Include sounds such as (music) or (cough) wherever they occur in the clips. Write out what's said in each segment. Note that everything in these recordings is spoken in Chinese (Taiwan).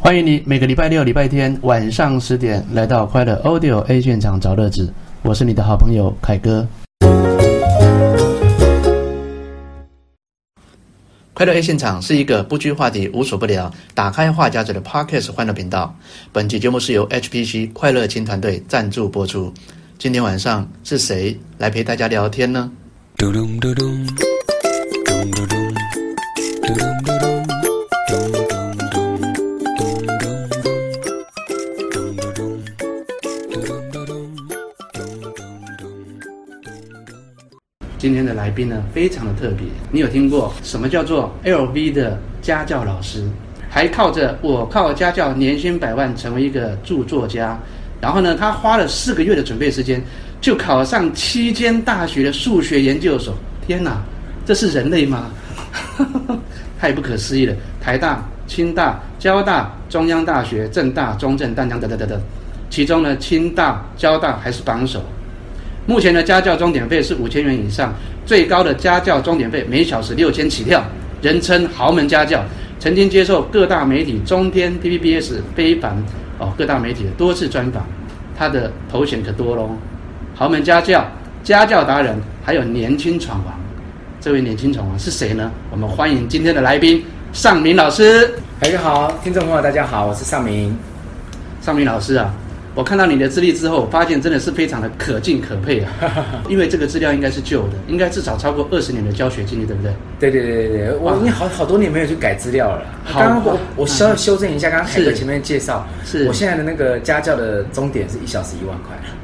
歡迎你，每個禮拜六、禮拜天晚上十點來到快樂 Audio A 現場找樂子，我是你的好朋友凱哥。快樂 A 現場是一個不拘話題、無所不聊，打開話匣子的 Podcast 歡樂頻道。本期節目是由 HPC 快樂輕團隊贊助播出。今天晚上是誰來陪大家聊天呢？今天的來賓呢，非常的特別。你有聽過什麼叫做 LV 的家教老師？還靠着我靠家教年薪百萬，成為一個著作家。然後呢，他花了四個月的準備時間，就考上七間大學的數學研究所。天哪，這是人類嗎？呵呵，太不可思議了！台大、清大、交大、中央大學、政大、中正、淡江等等等等，其中呢，清大、交大還是榜首。目前的家教鐘點費是五千元以上，最高的家教鐘點費每小時六千起跳，人稱豪門家教，曾經接受各大媒體中天 TVBS、非凡哦，各大媒體的多次專訪，他的頭銜可多嘍，豪門家教、家教達人，還有年輕闖王。這位年輕闖王是誰呢？我們歡迎今天的來賓尚明老師。大家好，聽眾朋友大家好，我是尚明，尚明老師啊。我看到你的資歷之後，我發現真的是非常的可敬可佩啊！ (laughs) 因為這個資料應該是舊的，應該至少超過二十年的教學經歷，對不對？對對對對對我，啊、你好好多年沒有去改資料了。好剛剛我，啊、我需要修正一下，剛剛凱哥前面介紹，是，是我現在的那個家教的鐘點是一小時一萬塊。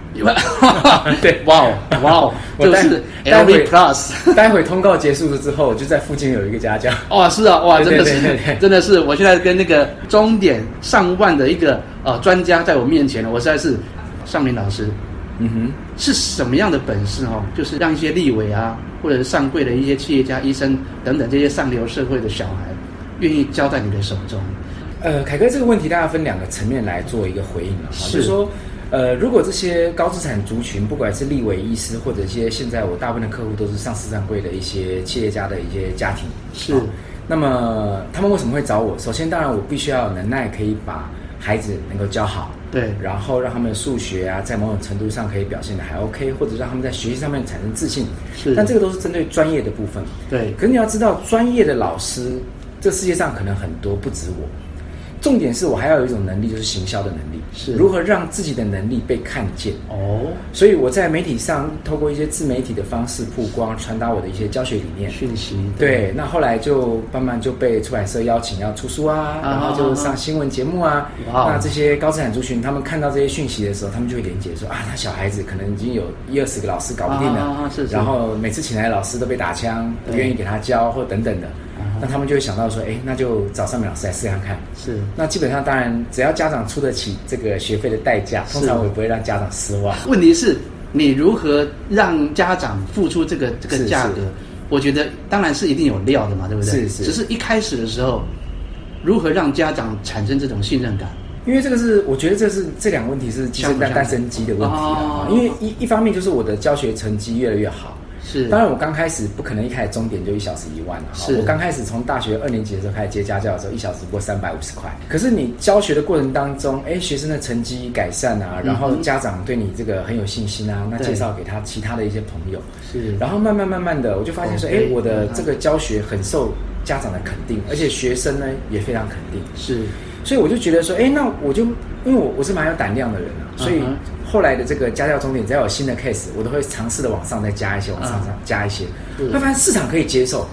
對，哇哦 (laughs) Wow, wow, 待，哇哦，就是 LV Plus。待會通告結束了之後，我就在附近有一個家教。哇、 (laughs) 哦，是啊，哇，真的是，真的是，我現在跟那個鐘點上萬的一個呃專家在我面前，我實在是尚明老師。嗯哼，是什麼樣的本事哦？就是讓一些立委啊，或者是上櫃的一些企業家、醫生等等這些上流社會的小孩，願意交在你的手中？呃，凱哥這個問題，大家分兩個層面來做一個回應了是就是說。呃，如果這些高資產族群，不管是立委、醫師，或者一些現在我大部分的客戶都是上市上櫃的一些企業家的一些家庭，是、啊。那麼他們為什麼會找我？首先，當然我必須要有能耐，可以把孩子能夠教好，對。然後讓他們的數學啊，在某種程度上可以表現得還 OK，或者讓他們在學習上面產生自信。是。但這個都是針對專業的部分。對。可你要知道，專業的老師，這世界上可能很多不止我。重點是我還要有一種能力，就是行銷的能力，是如何讓自己的能力被看見。哦，所以我在媒體上透過一些自媒體的方式曝光，傳達我的一些教學理念訊息。對，對，那後來就慢慢就被出版社邀請要出書啊，啊啊啊啊然後就上新聞節目啊。啊啊啊那這些高資產族群他們看到這些訊息的時候，他們就會連結說啊，那小孩子可能已經有一二十個老師搞不定了，啊啊啊啊是是。然後每次請來的老師都被打槍，對不願意給他教，或等等的。那他們就會想到說，哎，那就找尚明老師來試看看。是，那基本上當然，只要家長出得起這個學費的代價，通常我也不會讓家長失望。問題是你如何讓家長付出這個這個價格？是是，我覺得當然是一定有料的嘛，是是對不對？是是。只是一開始的時候，如何讓家長產生這種信任感？因為這個是，我覺得這是這兩個問題是雞生蛋蛋生雞的問題、啊。哦、因為一一方面就是我的教學成績越來越好。是，當然我剛開始不可能一開始鐘點就一小時一萬了哈。是我剛開始從大學二年級的時候開始接家教的時候，一小時不過三百五十塊。可是你教學的過程當中，哎，欸，學生的成績改善啊，然後家長對你這個很有信心啊，嗯嗯，那介紹給他對其他的一些朋友，是，然後慢慢慢慢的，我就發現說，哎 Okay,、欸，我的這個教學很受家長的肯定，而且學生呢也非常肯定，是。是所以我就覺得說，哎，那我就因為我我是蠻有膽量的人啊，uh huh. 所以後來的這個家教鐘點，只要有新的 case，我都會嘗試的往上再加一些，往上再加一些。那發現市場可以接受，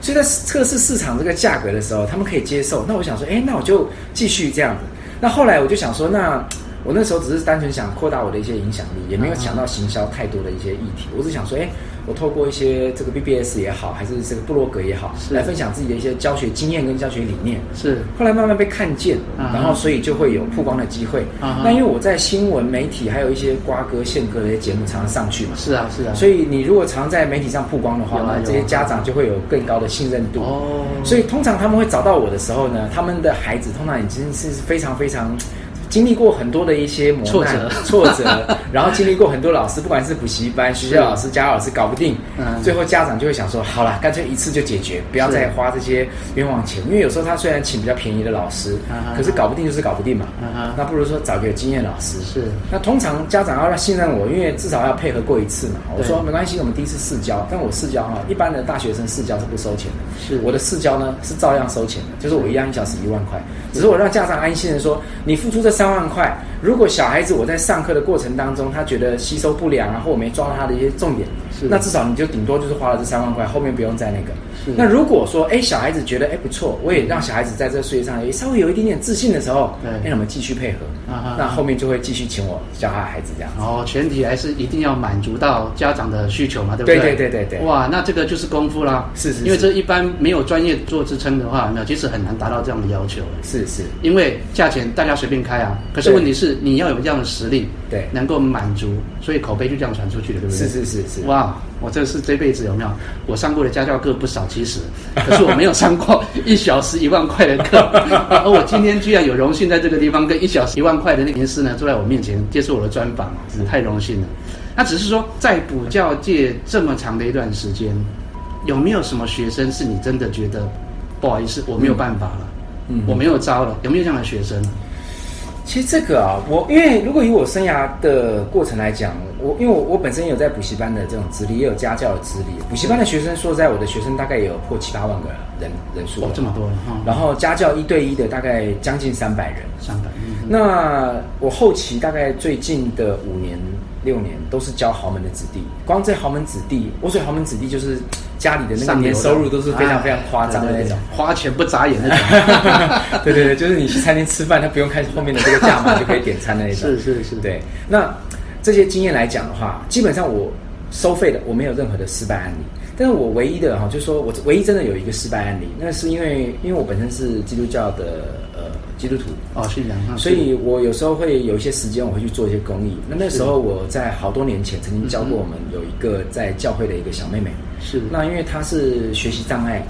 所以在測試市場這個價格的時候，他們可以接受。那我想說，哎，那我就繼續這樣子。那後來我就想說，那。我那時候只是單純想擴大我的一些影響力，也沒有想到行銷太多的一些議題。Uh huh. 我只想說，哎，我透過一些這個 BBS 也好，還是這個部落格也好，是來分享自己的一些教學經驗跟教學理念。是。後來慢慢被看見，uh huh. 然後所以就會有曝光的機會。啊、uh。Huh. 那因為我在新聞媒體還有一些瓜哥、憲哥的節目常常上去嘛。是啊、uh，是啊。所以你如果常在媒體上曝光的話，uh huh. 那這些家長就會有更高的信任度哦。Uh huh. 所以通常他們會找到我的時候呢，他們的孩子通常已經是非常非常。經歷過很多的一些磨難、挫折，然後經歷過很多老師，不管是補習班、學校老師、家老師搞不定，最後家長就會想說：“好了，乾脆一次就解決，不要再花這些冤枉錢。”因為有時候他雖然請比較便宜的老師，可是搞不定就是搞不定嘛。那不如說找個有經驗的老師。是。那通常家長要讓信任我，因為至少要配合過一次嘛。我說沒關係，我們第一次試教，但我試教哈，一般的大學生試教是不收錢的。是我的試教呢是照樣收錢的，就是我一樣一小時一萬塊，只是我讓家長安心的說：“你付出這。”三萬塊，如果小孩子我在上課的過程當中，他覺得吸收不良，啊，然後我沒抓到他的一些重點，是那至少你就頂多就是花了這三萬塊，後面不用再那個。是那如果說，哎，小孩子覺得哎不錯，我也讓小孩子在這個世界上也稍微有一點點自信的時候，對，那我們繼續配合，啊哈，那後面就會繼續請我教他孩子這樣子。哦，前提還是一定要滿足到家長的需求嘛，對不對？對對對對對。哇，那這個就是功夫啦，是是是，因為這一般沒有專業做支撐的話，那其實很難達到這樣的要求。是是，因為價錢大家隨便開啊。可是問題是，對你要有這樣的實力，對，能夠滿足，所以口碑就這樣傳出去的，對不對？是是是是。哇，wow, 我這是這輩子有沒有？我上過的家教課不少，其實，可是我沒有上過一小時一萬塊的課， (laughs) 而我今天居然有榮幸在這個地方跟一小時一萬塊的那名師呢坐在我面前接受我的專訪，太榮幸了。是那只是說，在補教界這麼長的一段時間，有沒有什麼學生是你真的覺得不好意思，我沒有辦法了，嗯、我沒有招了？嗯、有沒有這樣的學生？其實這個啊，我因為如果以我生涯的過程來講，我因為我我本身有在補習班的這種資歷，也有家教的資歷。對補習班的學生說實在，我的學生大概也有破七八萬個人人數，哦，這麼多人。哈、哦。然後家教一對一的大概將近三百人，三百。嗯、那我後期大概最近的五年六年都是教豪門的子弟，光這豪門子弟，我說豪門子弟就是。家裡的那個年收入都是非常非常誇張的那種，花錢不眨眼那種的。那種那種對對對，就是你去餐廳吃飯，他不用看後面的這個價碼 (laughs) 就可以點餐的那種。是是是。是是對，那這些經驗來講的話，基本上我收費的，我沒有任何的失敗案例。但是我唯一的哈，就是說我唯一真的有一個失敗案例，那是因為因為我本身是基督教的呃基督徒哦，信仰，所以我有時候會有一些時間，我會去做一些公益。是那那時候我在好多年前曾經教過我們有一個在教會的一個小妹妹。是，那因為他是學習障礙，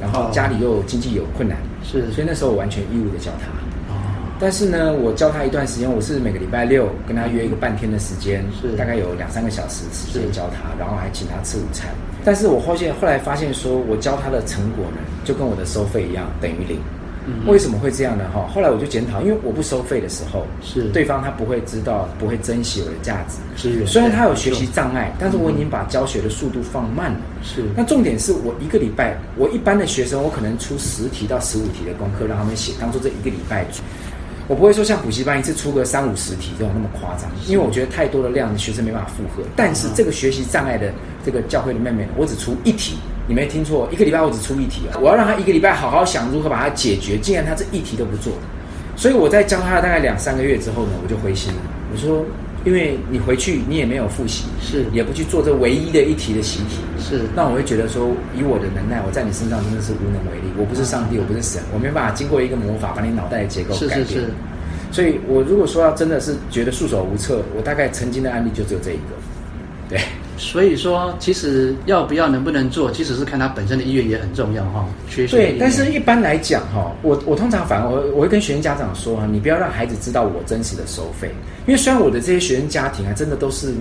然後家裡又經濟有困難，是，oh. 所以那時候我完全義務的教他。Oh. 但是呢，我教他一段時間，我是每個禮拜六跟他約一個半天的時間，是，大概有兩三個小時時間教他，是然後還請他吃午餐。但是我後現後來發現說，我教他的成果呢，就跟我的收費一樣，等於零。嗯、為什麼會這樣呢？哈，後來我就檢討，因為我不收費的時候，是對方他不會知道，不會珍惜我的價值。是雖然他有學習障礙，嗯、哼但是我已經把教學的速度放慢了。是，那重點是我一個禮拜，我一般的學生，我可能出十題到十五題的功課讓他們寫，當做這一個禮拜。我不會說像補習班一次出個三五十題這種那麼誇張，是因為我覺得太多的量學生沒辦法負荷。但是這個學習障礙的這個教會的妹妹，我只出一題。你沒聽錯，一個禮拜我只出一題啊！我要讓他一個禮拜好好想如何把它解決。竟然他這一題都不做，所以我在教他大概兩三個月之後呢，我就灰心了。我說，因為你回去你也沒有複習，是，也不去做這唯一的一題的習題，是。那我會覺得說，以我的能耐，我在你身上真的是無能為力。我不是上帝，我不是神，我沒辦法經過一個魔法把你腦袋的結構改變。是，是，是。所以，我如果說要真的是覺得束手無策，我大概曾經的案例就只有這一個，對。所以說，其實要不要、能不能做，其實是看他本身的意願也很重要哈。學習對，但是一般來講哈，我我通常反而我我會跟學生家長說哈，你不要讓孩子知道我真實的收費，因為雖然我的這些學生家庭啊，真的都是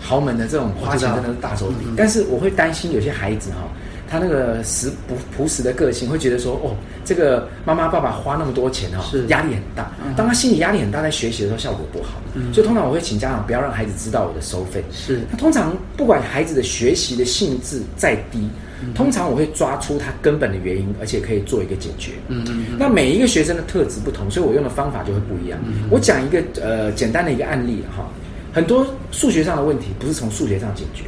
豪門的這種花錢真的是大手筆，嗯、哼但是我會擔心有些孩子哈。他那個實不樸實的個性，會覺得說：“哦，這個媽媽爸爸花那麼多錢啊、哦，是壓力很大。”當他心理壓力很大，在學習的時候效果不好。嗯、所以通常我會請家長不要讓孩子知道我的收費。是。那通常不管孩子的學習的性質再低，嗯、哼通常我會抓出他根本的原因，而且可以做一個解決。嗯，嗯嗯。那每一個學生的特質不同，所以我用的方法就會不一樣。嗯，嗯。我講一個呃簡單的一個案例哈，很多數學上的問題不是從數學上解決。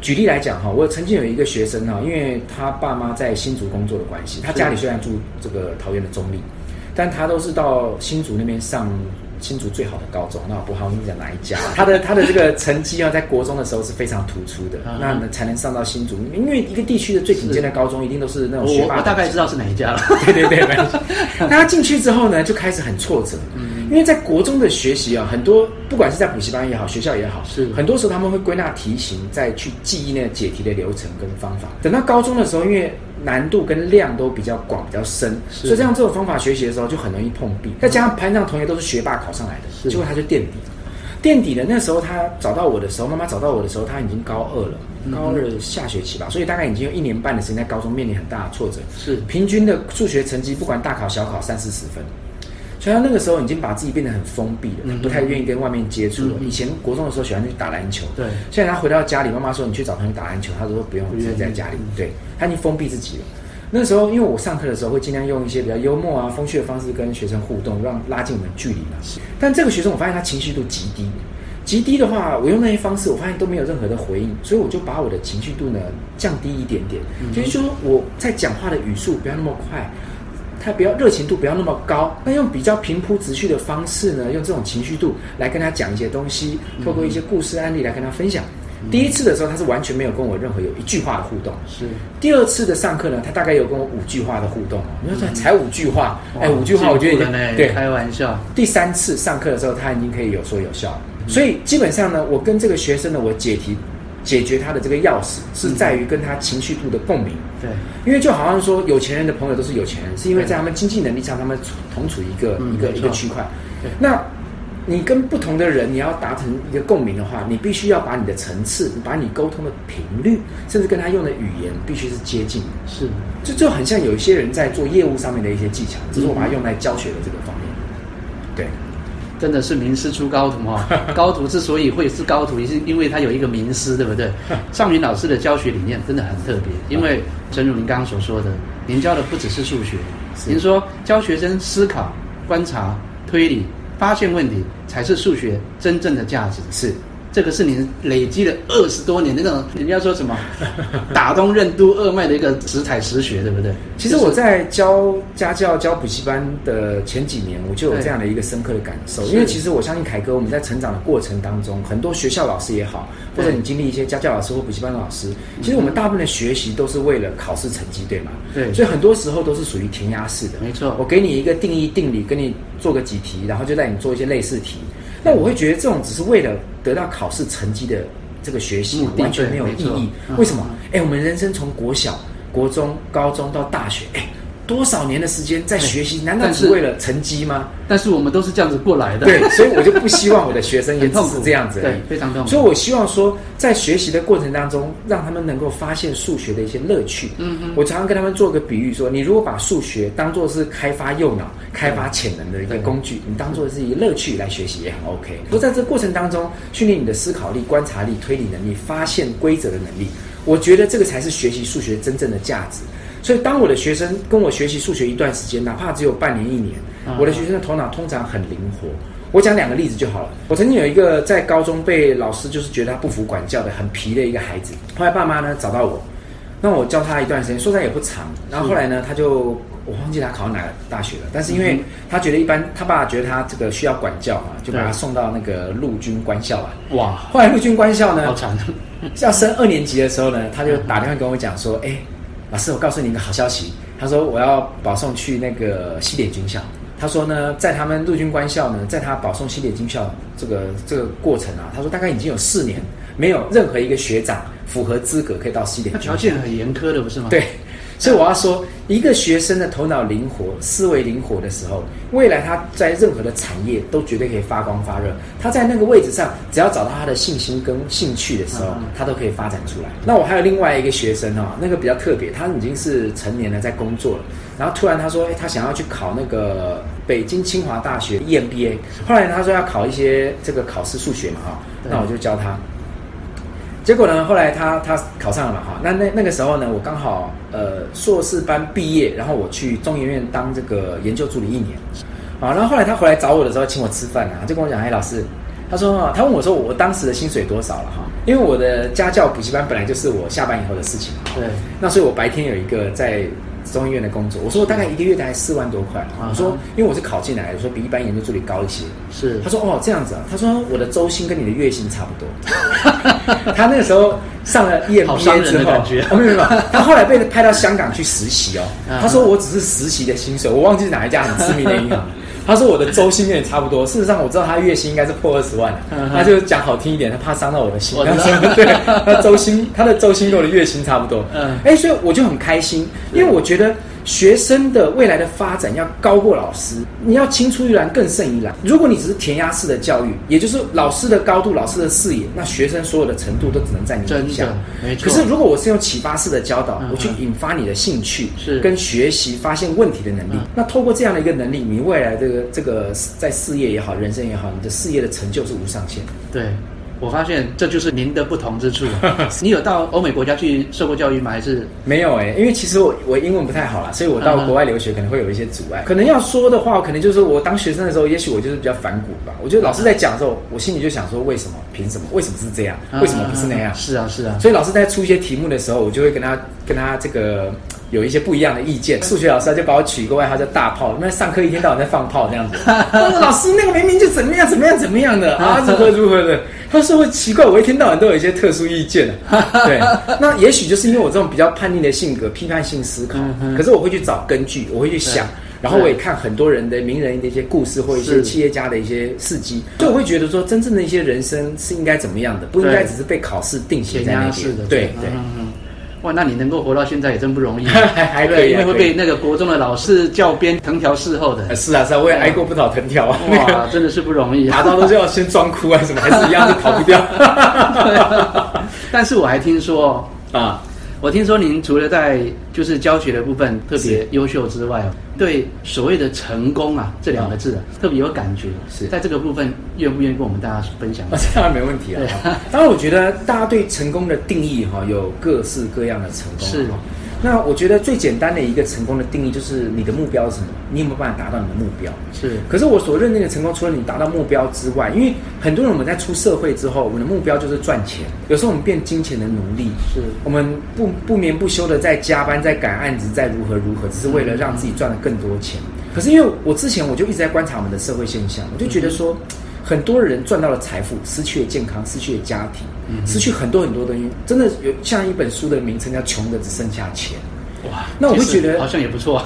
舉例來講哈，我曾經有一個學生哈，因為他爸媽在新竹工作的關係，他家裡雖然住這個桃園的中壢，但他都是到新竹那邊上。新竹最好的高中，那我不好跟你講哪一家，啊？他的他的這個成績啊，在國中的時候是非常突出的， (laughs) 那呢才能上到新竹。因為一個地區的最頂尖的高中，是一定都是那種學霸我。我大概知道是哪一家了。 (laughs) 對對對， (laughs) 那他進去之後呢，就開始很挫折，嗯、因為在國中的學習啊，很多不管是在補習班也好，學校也好，是很多時候他們會歸納題型，再去記憶那個解題的流程跟方法。等到高中的時候，因為難度跟量都比較廣、比較深，是所以像這，這種方法學習的時候就很容易碰壁。再加上班上同學都是學霸考上來的，是結果他就墊底。墊底的那時候他找到我的時候，媽媽找到我的時候他已經高二了，高二下學期吧，嗯、哼所以大概已經有一年半的時間在高中面臨很大的挫折。是平均的數學成績，不管大考小考三四十分。所以他那個時候已經把自己變得很封閉了，不太願意跟外面接觸了。嗯嗯，以前國中的時候喜歡去打籃球，對。現在他回到家裡，媽媽說你去找他們打籃球，他說不用，我願意在家裡。對，他已經封閉自己了。那時候因為我上課的時候會盡量用一些比較幽默啊、風趣的方式跟學生互動，讓拉近我們距離嘛、啊。是但這個學生我發現他情緒度極低，極低的話，我用那些方式我發現都沒有任何的回應，所以我就把我的情緒度呢降低一點點，嗯、所以就是說我在講話的語速不要那麼快。他比較熱情度不要那麼高，那用比較平鋪直敘的方式呢，用這種情緒度來跟他講一些東西，透過一些故事案例來跟他分享。嗯、第一次的時候，他是完全沒有跟我任何有一句話的互動。是第二次的上課呢，他大概有跟我五句話的互動你說才才五句話，哎哇、欸，五句話我覺得已經對開玩笑。第三次上課的時候，他已經可以有說有笑。嗯、所以基本上呢，我跟這個學生呢，我解題。解決他的這個鑰匙是在於跟他情緒度的共鳴。對、嗯，因為就好像說，有錢人的朋友都是有錢人，是因為在他們經濟能力上，他們處同處一個、嗯、一個一個區塊。對，那你跟不同的人，你要達成一個共鳴的話，你必須要把你的層次，你把你溝通的頻率，甚至跟他用的語言，必須是接近的。是，就就很像有一些人在做業務上面的一些技巧，只、就是我把它用在教學的這個方面。嗯、對。真的是名師出高徒哈、哦。高徒之所以會是高徒，也是因為他有一個名師，對不對？尚明老師的教學理念真的很特別，因為正如您剛剛所說的，您教的不只是數學，您說教學生思考、觀察、推理、發現問題，才是數學真正的價值是。這個是你累積了二十多年那種，人家說什麼打通任督二脈的一個實才實學，對不對？就是，其實我在教家教、教補習班的前幾年，我就有這樣的一個深刻的感受。對因為其實我相信，凱哥我們在成長的過程當中，很多學校老師也好，或者你經歷一些家教老師或補習班老師，其實我們大部分的學習都是為了考試成績，對嗎？對。所以很多時候都是屬於填鴨式的。沒錯，我給你一個定義定理，跟你做個幾題，然後就帶你做一些類似題。那我會覺得這種只是為了得到考試成績的這個學習完全沒有意義。為什麼？哎，我們人生從國小、國中、高中到大學，哎。多少年的時間在學習？是難道只為了成績嗎？但是我們都是這樣子過來的。對，所以我就不希望我的學生也痛是這樣子而已。對，非常痛苦。所以我希望說，在學習的過程當中，讓他們能夠發現數學的一些樂趣。嗯嗯，我常常跟他們做個比喻說，你如果把數學當做是開發右腦、開發潛能的一個工具，對對對，你當做是以樂趣來學習也很 OK。不過在這過程當中，訓練你的思考力、觀察力、推理能力、發現規則的能力，我覺得這個才是學習數學真正的價值。所以，當我的學生跟我學習數學一段時間，哪怕只有半年一年，啊、我的學生的頭腦通常很靈活。我講兩個例子就好了。我曾經有一個在高中被老師就是覺得他不服管教的很皮的一個孩子，後來爸媽呢找到我，那我教他一段時間，說實在也不長。然後後來呢，他就我忘記他考上哪個大學了，但是因為他覺得一般，他爸覺得他這個需要管教嘛，就把他送到那個陸軍官校啊。對哇！後來陸軍官校呢，好慘 (laughs) 要升二年級的時候呢，他就打電話跟我講說：“哎、欸。”老師，我告訴你一個好消息。他說我要保送去那個西點軍校。他說呢，在他們陸軍官校呢，在他保送西點軍校這個這個過程啊，他說大概已經有四年，沒有任何一個學長符合資格可以到西點軍校。他條件很嚴苛的，不是嗎？對。所以我要說，一個學生的頭腦靈活、思維靈活的時候，未來他在任何的產業都絕對可以發光發熱。他在那個位置上，只要找到他的信心跟興趣的時候，他都可以發展出來。嗯嗯、那我還有另外一個學生哈、哦、那個比較特別，他已經是成年了，在工作了，然後突然他說，哎，他想要去考那個北京清華大學 EMBA，後來他說要考一些這個考試數學嘛哈，那我就教他。結果呢？後來他他考上了嘛哈？那那那個時候呢？我剛好呃碩士班畢業，然後我去中研院當這個研究助理一年。好，然後後來他回來找我的時候，請我吃飯啊，就跟我講：“哎，老師，他說他問我說我當時的薪水多少了哈？因為我的家教補習班本來就是我下班以後的事情。對，那所以我白天有一個在。”中醫院的工作，我說我大概一個月大概四萬多塊。的我說，因為我是考進來的，我說比一般研究助理高一些。是，他說哦這樣子啊，他說我的周薪跟你的月薪差不多。他 (laughs) 那個時候上了 EMBA 之後，他、哦、後來被派到香港去實習哦，他 (laughs) 說我只是實習的薪水，我忘記哪一家很知名的銀行。 (laughs) 他說我的週薪也差不多，事實上我知道他月薪應該是破二十萬的，嗯、哼他就講好聽一點，他怕傷到我的心。對，他週薪他的週薪跟我的月薪差不多。嗯，哎、欸，所以我就很開心，對因為我覺得，學生的未來的發展要高過老師，你要青出於藍更勝於藍。如果你只是填鴨式的教育，也就是老師的高度、老師的視野，那學生所有的程度都只能在你之下。沒錯。可是，如果我是用啟發式的教導，嗯嗯我去引發你的興趣，是跟學習發現問題的能力，嗯、那透過這樣的一個能力，你未來這個這個在事業也好、人生也好，你的事業的成就是無上限的。對。我發現，這就是您的不同之處。你有到歐美國家去受過教育嗎？還是沒有欸？因為其實我我英文不太好啦，所以我到國外留學可能會有一些阻礙。可能要說的話，可能就是說我當學生的時候，也許我就是比較反骨吧。我覺得老師在講的時候，我心裡就想說：為什麼？憑什麼？為什麼是這樣？為什麼不是那樣？啊啊啊啊啊，是啊，是啊。所以老師在出一些題目的時候，我就會跟他跟他這個。有一些不一樣的意見，數學老師就把我取一個外號叫大炮，因為上課一天到晚在放炮這樣子。他說：“老師，那個明明就怎麼樣怎麼樣怎麼樣的 (laughs) 啊？如何如何的？”他說：“會奇怪，我一天到晚都有一些特殊意見。” (laughs) 對，那也許就是因為我這種比較叛逆的性格，批判性思考。嗯哼可是我會去找根據，我會去想，對然後我也看很多人的名人的一些故事或一些企業家的一些事蹟，是所以我會覺得說，真正的一些人生是應該怎麼樣的，不應該只是被考試定性在那邊。的，對對。對對對哇，那你能夠活到現在也真不容易，還還對，因為會被那個國中的老師教鞭藤條侍候的。是啊是啊，我也挨過不少藤條啊。哇，真的是不容易，打到都要先裝哭啊，什麼還是一樣的跑不掉。但是我還聽說啊，我聽說您除了在就是教學的部分特別優秀之外，對所謂的成功啊這兩個字啊特別有感覺，是在這個部分。願不願意跟我們大家分享啊？當然沒問題了。對當然，我覺得大家對成功的定義哈，哦，有各式各樣的成功是。那我覺得最簡單的一個成功的定義就是你的目標是什麼？你有沒有辦法達到你的目標？是。可是我所認定的成功，除了你達到目標之外，因為很多人我們在出社會之後，我們的目標就是賺錢。有時候我們變金錢的奴隸，是我們不，不眠不休的在加班，在趕案子，在如何如何，只是為了讓自己賺了更多錢。嗯，可是因為我之前我就一直在觀察我們的社會現象，我就覺得說。嗯很多人賺到了財富，失去了健康，失去了家庭，失去很多很多東西。真的有像一本書的名稱叫“窮的只剩下錢”。哇，那我會覺得好像也不錯。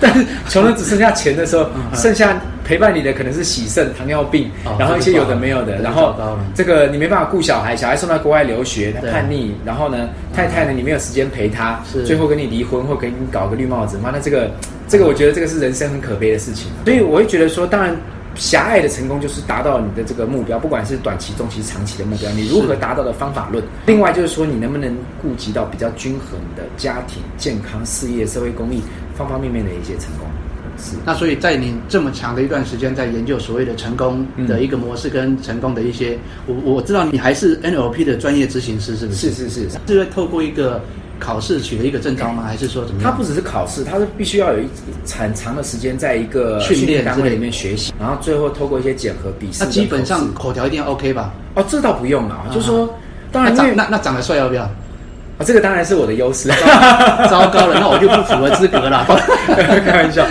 但是窮的只剩下錢的時候，剩下陪伴你的可能是洗腎糖尿病，然後一些有的沒有的，然後這個你沒辦法顧小孩，小孩送到國外留學，他叛逆，然後呢，太太呢，你沒有時間陪他，最後跟你離婚，或給你搞個綠帽子。媽那這個這個，我覺得這個是人生很可悲的事情。所以我會覺得說，當然。狹隘的成功就是達到你的這個目標，不管是短期、中期、長期的目標，你如何達到的方法論。是另外就是說，你能不能顧及到比較均衡的家庭、健康、事業、社會、公益方方面面的一些成功？是。那所以在你這麼長的一段時間，在研究所謂的成功的一個模式跟成功的一些，嗯、我我知道你還是 NLP 的專業執行師，是不是？是是是，是是透過一個。考試取得一個證照嗎？還是說怎麼樣？他不只是考試，他是必須要有一很長，長的時間在一個訓練單位裡面學習，然後最後透過一些檢核筆試。那基本上口條一定要 OK 吧？哦，這倒不用啊哈，就是說當然那長，那那長得帥要不要？啊，這個當然是我的優勢。糟糕了，那我就不符合資格了。 (laughs) (laughs) 開玩笑，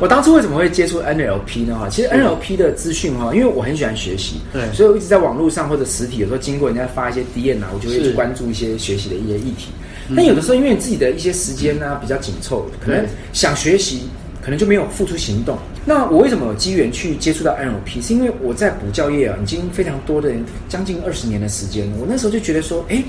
我當初為什麼會接觸 NLP 呢？哈，其實 NLP 的資訊哈，因為我很喜歡學習，對，所以我一直在網絡上或者實體，有時候經過人家發一些 DM 啊，我就會去關注一些學習的一些議題。但有的時候，因為你自己的一些時間呢、啊、比較緊湊，可能想學習，可能就沒有付出行動。對那我為什麼有機緣去接觸到 NLP，是因為我在補教業啊，已經非常多的人，將近二十年的時間了。我那時候就覺得說，哎，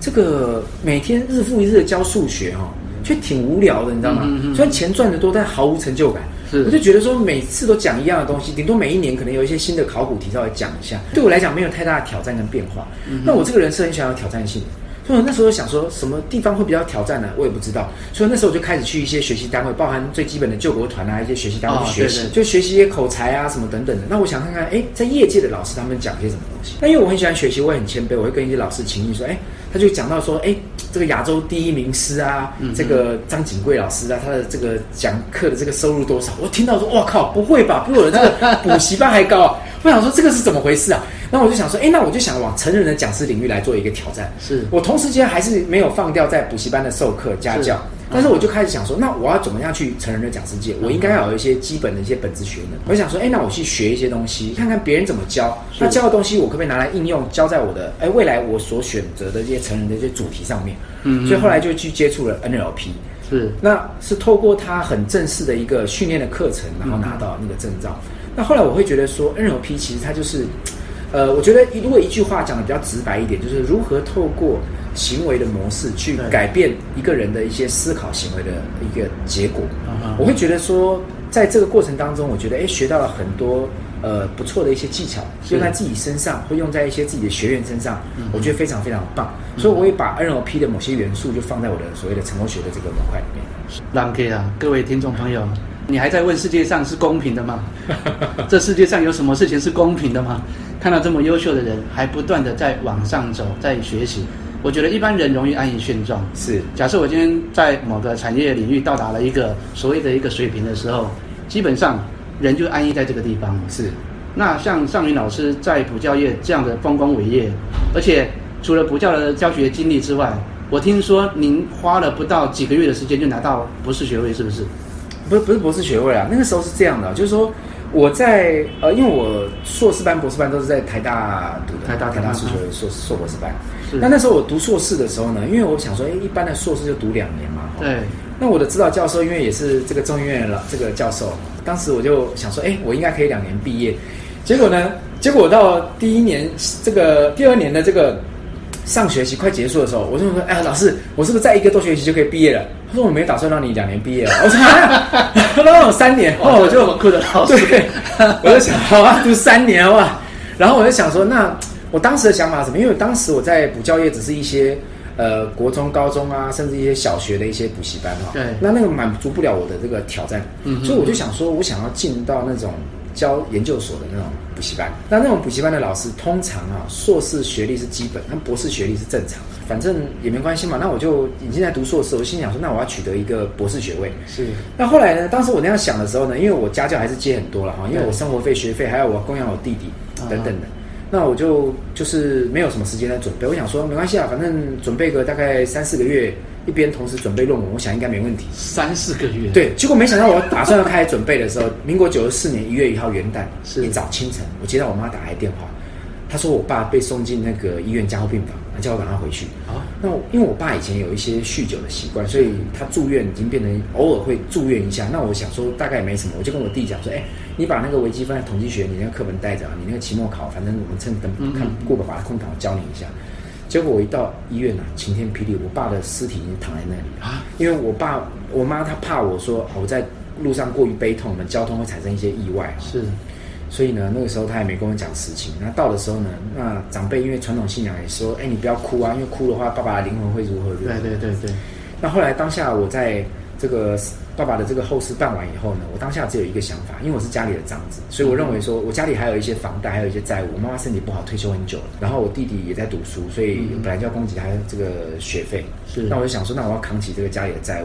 這個每天日復一日的教數學哈、啊，卻挺無聊的，你知道嗎？雖然錢賺得多，但毫無成就感。是我就覺得說，每次都講一樣的東西，頂多每一年可能有一些新的考古題稍微講一下，對我來講沒有太大的挑戰跟變化。嗯、哼那我這個人是很想要挑戰性的。所以我那時候想說，什麼地方會比較挑戰呢、啊？我也不知道。所以那時候我就開始去一些學習單位，包含最基本的救國團啊，一些學習單位去學習，就學習一些口才啊什麼等等的。那我想看看，哎、欸，在業界的老師他們講些什麼東西。那因為我很喜歡學習，我也很謙卑，我會跟一些老師請教說，哎、欸，他就講到說，哎、欸，這個亞洲第一名師啊，嗯嗯這個張錦貴老師啊，他的這個講課的這個收入多少？我聽到說，哇靠，不會吧，比我這個補習班還高、啊？我想說，這個是怎麼回事啊？那我就想說，哎、欸，那我就想往成人的講師領域來做一個挑戰。是我同時間還是沒有放掉在補習班的授課、家教，是但是我就開始想說，那我要怎麼樣去成人的講師界？嗯、哼我應該要有一些基本的一些本職學能。嗯、哼我想說，哎、欸，那我去學一些東西，看看別人怎麼教，他是教的東西我可不可以拿來應用，教在我的哎、欸、未來我所選擇的這些成人的這些主題上面。嗯哼，所以後來就去接觸了 NLP。是，那是透過他很正式的一個訓練的課程，然後拿到那個證照。嗯、哼那後來我會覺得說，NLP 其實它就是。呃，我覺得如果一句話講得比較直白一點，就是如何透過行為的模式去改變一個人的一些思考行為的一個結果。嗯、我會覺得說，在這個過程當中，我覺得哎，學到了很多呃不錯的一些技巧，用在自己身上，會是用在一些自己的學員身上，嗯、我覺得非常非常棒。嗯、所以我也把 NLP 的某些元素就放在我的所謂的成功學的這個模塊裡面。l o 啊，各位聽眾朋友，你還在問世界上是公平的嗎？ (laughs) 這世界上有什麼事情是公平的嗎？看到這麼優秀的人，還不斷的在往上走，在學習，我覺得一般人容易安於現狀。是，假設我今天在某個產業領域到達了一個所謂的一個水平的時候，基本上人就安逸在這個地方。是，那像尚明老師在補教業這樣的豐功偉業，而且除了補教的教學經歷之外，我聽說您花了不到幾個月的時間就拿到博士學位，是不是？不，不是不是博士學位啊，那個時候是這樣的，就是說。我在呃，因為我碩士班、博士班都是在台大讀的。台大台大數學碩士、嗯嗯、碩博士班。是那那時候我讀碩士的時候呢，因為我想說，哎，一般的碩士就讀兩年嘛。對、哦。那我的指導教授，因為也是這個中研院，院的老這個教授，當時我就想說，哎，我應該可以兩年畢業。結果呢？結果到第一年，這個第二年的這個上學期快結束的時候，我就說，哎，老師，我是不是再一個多學期就可以畢業了？他說，我沒有打算讓你兩年畢業了。我說。 (laughs) 他讓 (laughs) 我，我三年，哦，我就哭得好對？ (laughs) 我就想，好啊，讀三年，好吧，然後我就想說，那我當時的想法是什麼？因為當時我在補教業，只是一些呃國中、高中啊，甚至一些小學的一些補習班嘛，哈。對。那那個滿足不了我的這個挑戰，嗯哼，所以我就想說，我想要進到那種。教研究所的那種補習班，那那種補習班的老師通常啊，碩士學歷是基本，那博士學歷是正常，反正也沒關係嘛。那我就已經在讀碩士，我心想說，那我要取得一個博士學位。是。那後來呢？當時我那樣想的時候呢，因為我家教還是接很多了哈，因為我生活費、學費還有我供養我弟弟等等的，啊、那我就就是沒有什麼時間來準備。我想說，沒關係啊，反正準備個大概三四個月。一邊同時準備論文，我想應該沒問題，三四個月。對，結果沒想到我打算要開始準備的時候， (laughs) 民國九十四年一月一號元旦是早清晨，我接到我媽打來電話，她說我爸被送進那個醫院加護病房，叫我趕快回去啊。哦、那我因為我爸以前有一些酗酒的習慣，所以他住院已經變成偶爾會住院一下。是那我想說大概也沒什麼，我就跟我弟，弟講說，哎，你把那個微積分、統計學你那個課本帶着、啊，你那個期末考，反正我們趁等看過不，把它空檔教你一下。嗯嗯嗯結果我一到醫院呢、啊，晴天霹靂，我爸的屍體已經躺在那裡啊！蛤因為我爸、我媽她怕我說我在路上過於悲痛，我們交通會產生一些意外、啊。是，所以呢，那個時候她也沒跟我講實情。那到的時候呢，那長輩因為傳統信仰也說，哎，你不要哭啊，因為哭的話，爸爸的靈魂會如何如何。對對對對。那後來當下我在這個。爸爸的這個後事辦完以後呢，我當下只有一個想法，因為我是家裡的長子，所以我認為說，嗯、哼我家裡還有一些房貸，還有一些債務。我媽媽身體不好，退休很久了，然後我弟弟也在讀書，所以本來就要供給他這個學費。是、嗯。那我就想說，那我要扛起這個家裡的債務，是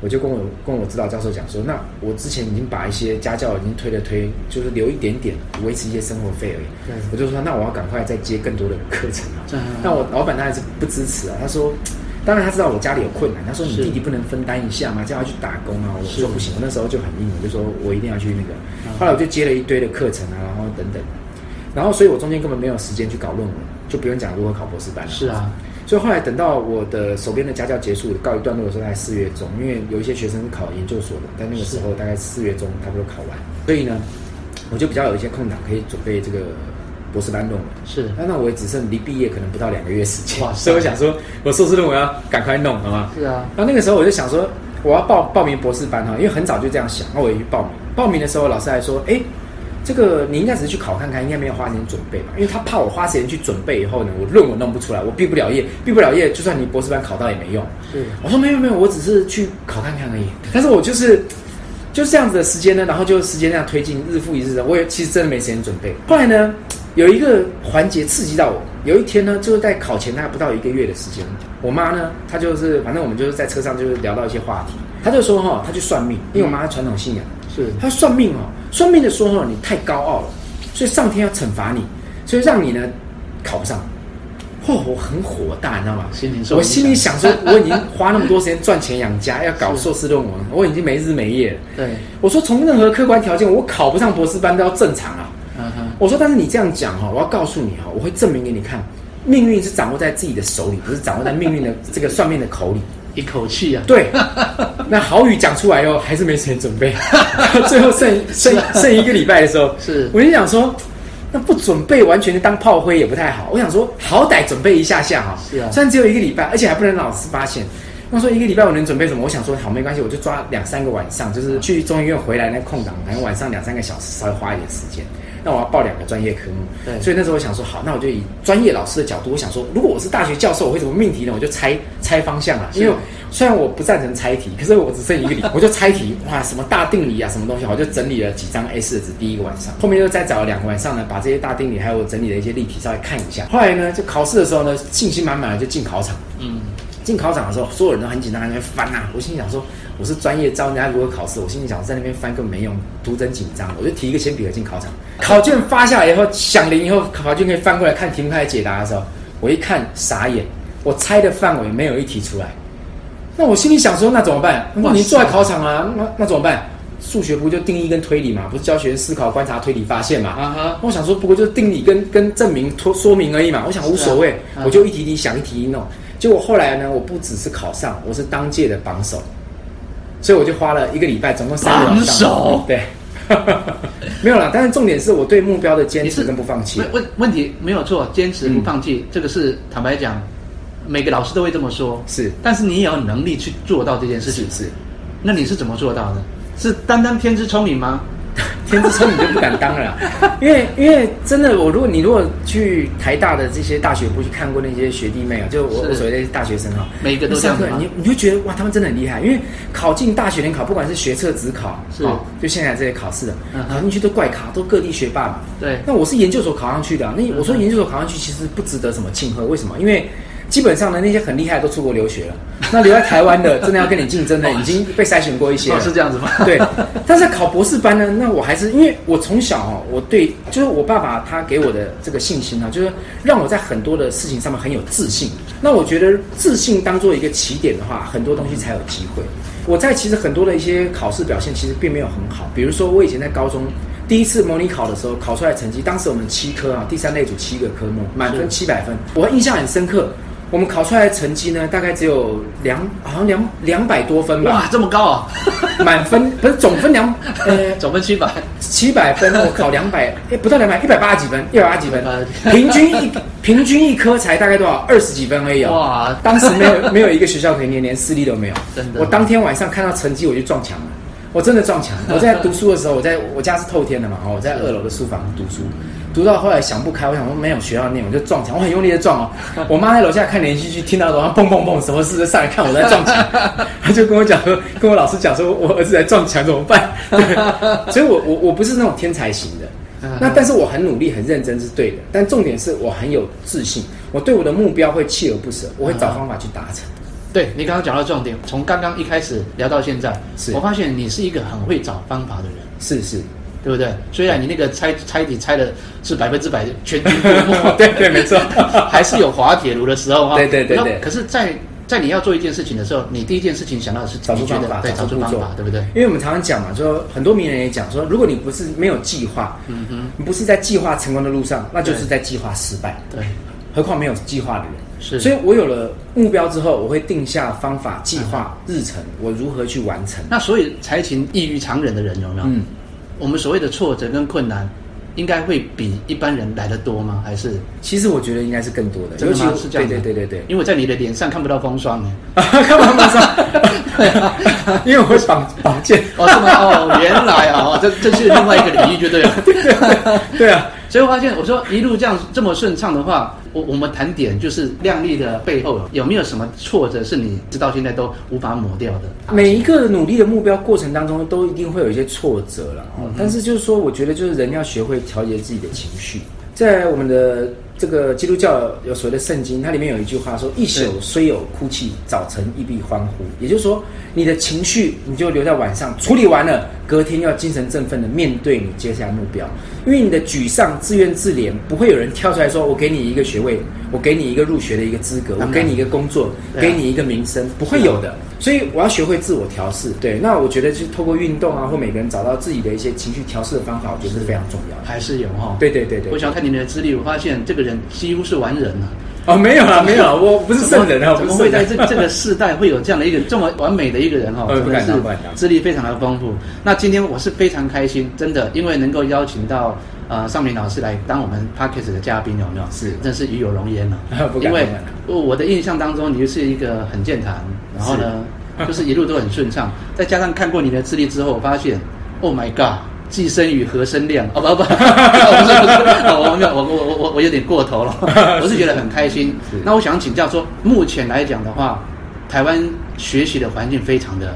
我就跟我跟我指導教授講說，那我之前已經把一些家教已經推了推，就是留一點點維持一些生活費而已。對。我就說，那我要趕快再接更多的課程了。嗯、那我老板他還是不支持啊，他說。當然，他知道我家裡有困難。他說：“你弟弟不能分擔一下嗎、啊？叫他是去打工啊！”我說：“不行。是”我那時候就很硬，我就說：“我一定要去那個。嗯”後來我就接了一堆的課程啊，然後等等，然後所以，我中間根本沒有時間去搞論文，就不用講如何考博士班了。是啊是，所以後來等到我的手邊的家教結束告一段落的時候，在四月中，因為有一些學生是考研究所的，在那個時候大概四月中差不多考完，所以呢，我就比較有一些空檔可以準備這個。博士班論文是，那、啊、那我也只剩離畢業可能不到兩個月時間，塞所以我想說，我碩士論文要趕快弄，好嗎？是啊。那、啊、那個時候我就想說，我要報報名博士班哈，因為很早就這樣想，那、啊、我也去報名。報名的時候老師還說，哎、欸，這個你應該只是去考看看，應該沒有花時間準備吧？因為他怕我花時間去準備以後呢，我論文弄不出來，我畢不了業，畢不了業就算你博士班考到也沒用。是我說沒有沒有，我只是去考看看而已。但是我就是就這樣子的時間呢，然後就時間這樣推進，日復一日的，我也其實真的沒時間準備。後來呢？有一個環節刺激到我，有一天呢，就是在考前大概還不到一個月的時間，我媽呢，她就是反正我們就是在車上就是聊到一些話題，她就說哈，她去算命，因為我媽是傳統信仰，是她算命哦、喔，算命的時候你太高傲了，所以上天要懲罰你，所以讓你呢考不上，嚯，我很火大，你知道嗎？我心裡想說，我已經花那麼多時間賺錢養家，要搞碩士論文，我已經沒日沒夜了，對我說從任何客觀條件，我考不上博士班都要正常啊。我說，但是你這樣講哈、哦，我要告訴你哈、哦，我會證明給你看，命運是掌握在自己的手裡，不是掌握在命運的這個算命的口裡。一口氣啊，對， (laughs) 那好語講出來哦，還是沒時間準備。 (laughs) 最後剩、啊、剩剩一個禮拜的時候，是、啊、是我就想說，那不準備完全當炮灰也不太好。我想說，好歹準備一下下哈、哦，雖然、啊、只有一個禮拜，而且還不能老是發現。那說一個禮拜我能準備什麼？我想說，好，沒關係，我就抓兩三個晚上，就是去中醫院回來那空檔，然後晚上兩三個小時，稍微花一點時間。那我要報兩個專業科目，對，所以那時候我想說，好，那我就以專業老師的角度，我想說，如果我是大學教授，我會怎麼命題呢？我就猜猜方向啊，因為雖然我不贊成猜題，可是我只剩一個禮拜 (laughs) 我就猜題，哇，什麼大定理啊，什麼東西，我就整理了幾張 A 四紙，第一個晚上，後面又再找了兩個晚上呢，把這些大定理還有我整理的一些例題稍微看一下。後來呢，就考試的時候呢，信心滿滿的就進考場，嗯，進考場的時候，所有人都很緊張，還在翻啊，我心裡想說。我是專業招人家如何考試，我心裡想在那邊翻個沒用，徒增緊張。我就提一個鉛筆盒進考場，考卷發下來以後，響鈴以後，考卷可以翻過來看題目，開始解答的時候，我一看傻眼，我猜的範圍沒有一題出來。那我心裡想說，那怎麼辦？那你坐在考場啊，塞那那怎麼辦？數學不就定義跟推理嘛，不是教學生思考、觀察、推理、發現嘛？啊啊哈我想說，不過就定理跟跟證明、托說明而已嘛。我想無所謂，啊啊、我就一題一題想一題一弄。結果後來呢，我不只是考上，我是當屆的榜首。所以我就花了一個禮拜，總共三個晚上，對呵呵，沒有啦，但是重點是我對目標的堅持跟不放棄。問問，問題沒有錯，堅持不放棄，嗯、這個是坦白講，每個老師都會這麼說。是，但是你有能力去做到這件事情，是。是，是那你是怎麼做到的？是單單天資聰明嗎？ (laughs) 天之驕子你就不敢當了，因為因為真的，我如果你如果去台大的這些大學部去看過那些學弟妹啊，就我，我所謂的大學生啊，每一個都上課，你你就覺得哇，他們真的很厲害，因為考進大學聯考，不管是學測、指考、哦，是就現在這些考試的，考進去都怪卡，都各地學霸嘛。對，那我是研究所考上去的、啊，那我說研究所考上去其實不值得什麼慶賀，為什麼？因為。基本上呢，那些很厲害都出國留學了。那留在台灣的，真的要跟你競爭的， (laughs) 已經被篩選過一些了、 (laughs) 哦。是這樣子嗎？對。但是考博士班呢，那我還是因為我從小哈、哦，我對就是我爸爸他給我的這個信心啊，就是讓我在很多的事情上面很有自信。那我覺得自信當做一個起點的話，很多東西才有機會。嗯、我在其實很多的一些考試表現其實並沒有很好。比如說我以前在高中第一次模擬考的時候，考出來的成績，當時我們七科啊，第三類組七個科目，滿分七百分，是我印象很深刻。我們考出來的成績呢，大概只有兩，好像兩兩百多分吧。哇，這麼高啊！滿 (laughs) 分不是總分兩，呃，總分七百、欸，七百分，分我考兩百、欸，不到兩百，一百八十幾分，一百八十幾分，平均一 (laughs) 平均一科才大概多少，二十幾分而已。哇，當時沒有沒有一個學校可以念，連私立都沒有。真的，我當天晚上看到成績我就撞牆了，我真的撞牆。我在讀書的時候，我在我家是透天的嘛，我在二樓的書房讀書。讀到後來想不開，我想說沒有學到那種就撞牆，我很用力的撞哦。我媽在樓下看連續劇，聽到樓上砰砰砰，什麼事都上來看我在撞牆，她 (laughs) 就跟我講說，跟我老師講說，我兒子在撞牆怎麼辦？所以我，我我我不是那種天才型的，嗯、那、嗯、但是我很努力很認真是對的，但重點是我很有自信，我對我的目標會鍥而不舍，我會找方法去達成。對你剛剛講到重點，從剛剛一開始聊到現在，是我發現你是一個很會找方法的人。是是。是對不對？雖然你那個猜拆底猜的是百分之百全軍覆沒，對對，沒錯，還是有滑鐵盧的時候哈，對對對，可是，在在你要做一件事情的時候，你第一件事情想到的是找出方法，找出方法，對不對？因為我們常常講嘛，說很多名人也講說，如果你不是沒有計劃，嗯哼，你不是在計劃成功的路上，那就是在計劃失敗。對，何況沒有計劃的人是。所以我有了目標之後，我會定下方法、計劃、日程，我如何去完成。那所以，才情異於常人的人有沒有？我們所謂的挫折跟困難，應該會比一般人來得多嗎？還是？其實我覺得應該是更多的，的尤其是這樣。對對對對，對因為我在你的臉上看不到風霜， (laughs) 看不到風霜， (laughs) 對啊 (laughs) (laughs) 因為我想防防箭。哦，原來啊、哦，這這是另外一個領域就對了， (laughs) 對不、啊、對？對啊。對啊 (laughs) 所以我發現我說一路這樣這麼順暢的話，我我們談點就是亮麗的背後有沒有什麼挫折是你直到現在都無法抹掉的？每一個努力的目標過程當中都一定會有一些挫折了、哦。嗯、哼但是就是說，我覺得就是人要學會調節自己的情緒。在我們的這個基督教有所謂的聖經，它裡面有一句話說：“一宿雖有哭泣，早晨亦必歡呼。”也就是說，你的情緒你就留在晚上處理完了。隔天要精神振奮的面對你接下來目標，因為你的沮喪、自怨自憐，不會有人跳出來說：“我給你一個學位，我給你一個入學的一個資格，嗯、我給你一個工作，啊、給你一個名聲，不會有的。啊”所以我要學會自我調適。對，那我覺得就是透過運動啊，嗯、或每個人找到自己的一些情緒調適的方法，我覺得是非常重要的。還是有哈、哦，對，對對對對。我想看你的資歷，我發現這個人幾乎是完人了、啊。哦，沒有啊，沒有、啊，我不是聖人啊，怎麼會在這這個世代會有這樣的一個這麼完美的一個人哦，我是資歷非常的豐富。那今天我是非常開心，真的，因為能夠邀請到呃尚明老師來當我們 Podcast 的嘉賓，有沒有？是的真是與有榮焉了、啊。哦、因為我的印象當中，你就是一個很健談，然後呢，是就是一路都很順暢， (laughs) 再加上看過你的資歷之後，我發現，Oh my God！既生瑜何生亮，哦不不，不不是不是，我有我我我我我有點過頭了，我是覺得很開心。 (laughs) 是那我想請教說，目前來講的話，台灣學習的環境非常的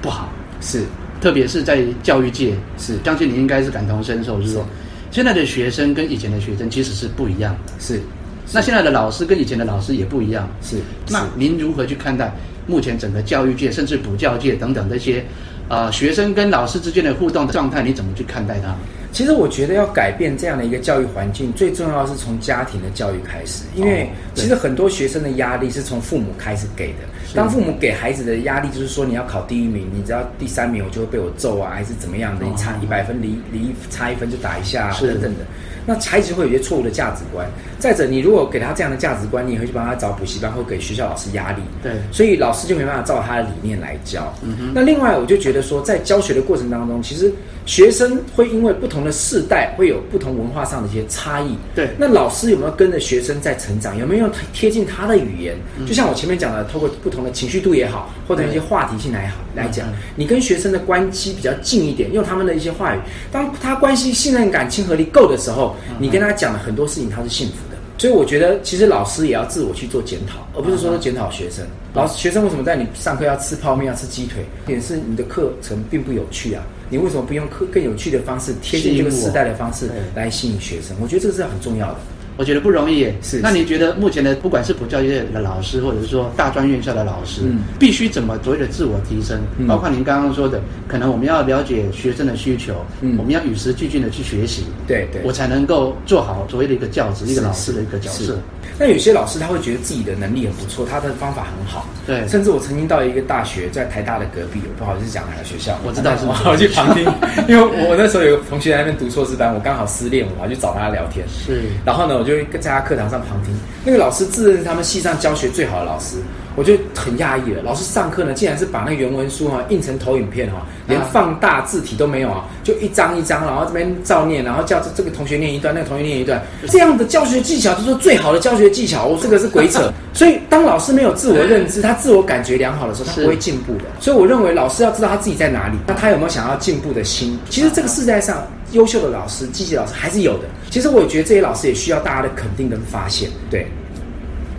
不好，是，特別是在教育界是，相信你應該是感同身受，是就是說現在的學生跟以前的學生其實是不一樣，是。是那現在的老師跟以前的老師也不一樣，是。是是那您如何去看待目前整個教育界，甚至補教界等等這些？啊、呃，學生跟老師之間的互動的狀態，你怎麼去看待它？其實我覺得要改變這樣的一個教育環境，最重要的是從家庭的教育開始。因為其實很多學生的壓力是從父母開始給的。哦、當父母給孩子的壓力，就是說你要考第一名，你只要第三名我就會被我揍啊，還是怎麼樣的？哦、你差一百分，離，離，差一分就打一下啊，等等的。那孩子會有一些錯誤的價值觀。再者，你如果給他這樣的價值觀，你也會去幫他找補習班，或給學校老師壓力。對，所以老師就沒辦法照他的理念來教。嗯哼，那另外，我就覺得說，在教學的過程當中，其實。學生會因為不同的世代會有不同文化上的一些差異。對，那老師有沒有跟着學生在成長？有沒有貼近他的語言？嗯、就像我前面講的，透過不同的情緒度也好，或者一些話題性來好來講，你跟學生的關係比較近一點，用他們的一些話語，當他關係信任感、親和力夠的時候，你跟他講的很多事情，他是幸福的。嗯嗯嗯所以我覺得，其實老師也要自我去做檢討，而不是說，說檢討學生。老師學生為什麼在你上課要吃泡麵、要吃雞腿？也是你的課程並不有趣啊！你為什麼不用課更有趣的方式，貼近這個時代的方式來吸引學生？我覺得這個是很重要的。我覺得不容易。是。那你覺得目前的不管是普教育的老師，或者是說大專院校的老師，必須怎麼所謂的自我提升？包括您剛剛說的，可能我們要了解學生的需求，嗯。我們要與時俱進的去學習。對對。我才能夠做好所謂的一個教職，一個老師的一個角色。那有些老師他會覺得自己的能力很不錯，他的方法很好。對。甚至我曾經到一個大學，在台大的隔壁，我不好意思講哪個學校，我知道什麼。我去旁聽，因為我那時候有個同學在那邊讀碩士班，我剛好失戀，我還去找他聊天。是。然後呢？我就會在他課堂上旁聽，那個老師自認他們系上教學最好的老師，我就很訝異了。老師上課呢，竟然是把那個原文書啊印成投影片哈、啊，連放大字體都沒有啊，就一張一張，然後這邊照念，然後叫這個同學念一段，那個同學念一段，這樣的教學技巧就是最好的教學技巧。我說這個是鬼扯。所以當老師沒有自我認知，他自我感覺良好的時候，他不會進步的。是所以我認為老師要知道他自己在哪裡，那他有沒有想要進步的心？其實這個世界上。優秀的老師、積極老師還是有的。其實我覺得這些老師也需要大家的肯定跟發現。對，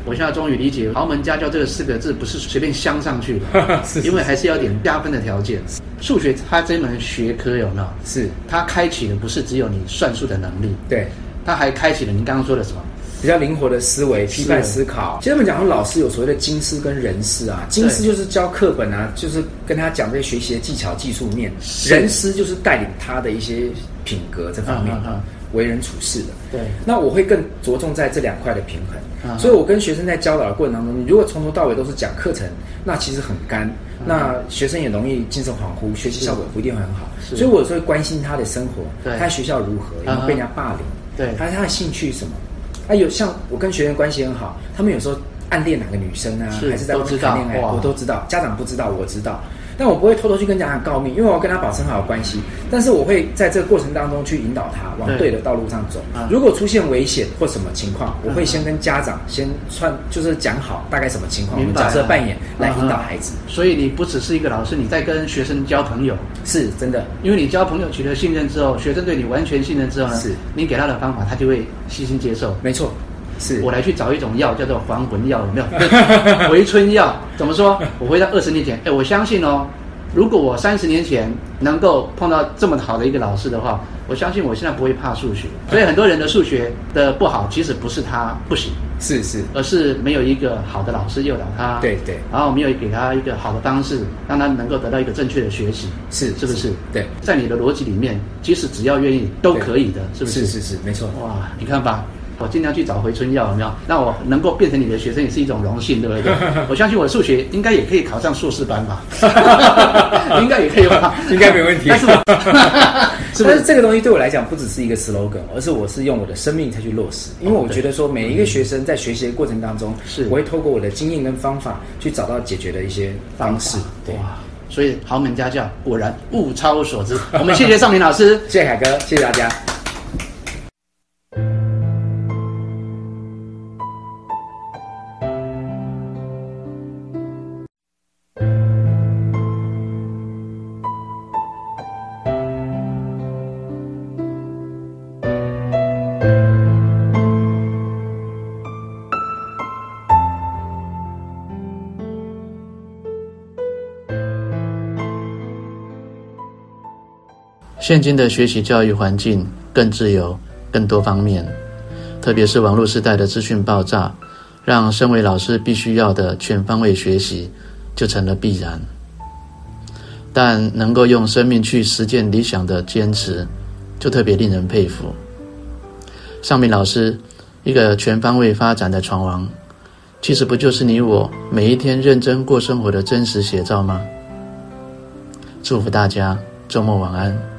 我現在終於理解“豪門家教”這個四個字不是隨便鑲上去的， (laughs) 是是是是因為還是要點加分的條件。數是學它，這門學科有沒有？是，是它開啟的不是只有你算術的能力，對是，它還開啟了您剛剛說的什麼比較靈活的思維、批判思考。是其實我們講，老師有所謂的“經師”跟“人師”啊，“經師對”就是教課本啊，就是跟他講這些學習的技巧、技術面；“是人師”就是帶領他的一些。品格這方面，為人處事的，對，那我會更着重在這兩塊的平衡。所以，我跟學生在教導的過程當中，你如果從頭到尾都是講課程，那其實很乾，那學生也容易精神恍惚，學習效果不一定會很好。所以，我有時候會關心他的生活，他學校如何，有被人家霸凌，對，他他的興趣什麼，啊有像我跟學生關係很好，他們有時候暗戀哪個女生啊，還是在偷偷談戀愛，我都知道，家長不知道，我知道。但我不會偷偷去跟家長告密，因為我跟他保持好關係。但是我會在這個過程當中去引導他往對的道路上走。嗯、如果出現危險或什麼情況，我會先跟家長先串，就是講好大概什麼情況，你們白假設扮演來引導孩子、嗯嗯。所以你不只是一個老師，你在跟學生交朋友，是真的。因為你交朋友取得信任之後，學生對你完全信任之後呢，是，你給他的方法他就會悉心接受。沒錯。是，我來去找一種藥，叫做還魂藥，有沒有回 (laughs) 春藥？怎麼說？我回到二十年前，哎，我相信哦，如果我三十年前能夠碰到這麼好的一個老師的話，我相信我現在不會怕數學。所以很多人的數學的不好，其實不是他不行，是是，而是沒有一個好的老師誘導他。對對，然後沒有給他一個好的方式，讓他能夠得到一個正確的學習。是是不是？對，在你的邏輯裡面，其實只要願意都可以的，對是不是？是是是，沒錯。哇，你看吧。我盡量去找回春藥，有沒有？那我能夠變成你的學生也是一種榮幸，對不對？ (laughs) 我相信我的數學應該也可以考上碩士班吧， (laughs) 應該也可以吧， (laughs) 應該沒問題。 (laughs) 但是，是不是這個東西對我來講不只是一個 slogan，而是我是用我的生命才去落實。因為我覺得說每一個學生在學習的過程當中，是、哦、我會透過我的經驗跟方法去找到解決的一些方式。方法對，所以豪門家教果然物超所值。 (laughs) 我們謝謝尚明老師， (laughs) 謝謝海哥，謝謝大家。現今的學習教育環境更自由，更多方面，特別是網絡時代的資訊爆炸，讓身為老師必須要的全方位學習就成了必然。但能夠用生命去實踐理想的堅持，就特別令人佩服。尚明老師，一個全方位發展的闖王，其實不就是你我每一天認真過生活的真實寫照嗎？祝福大家週末晚安。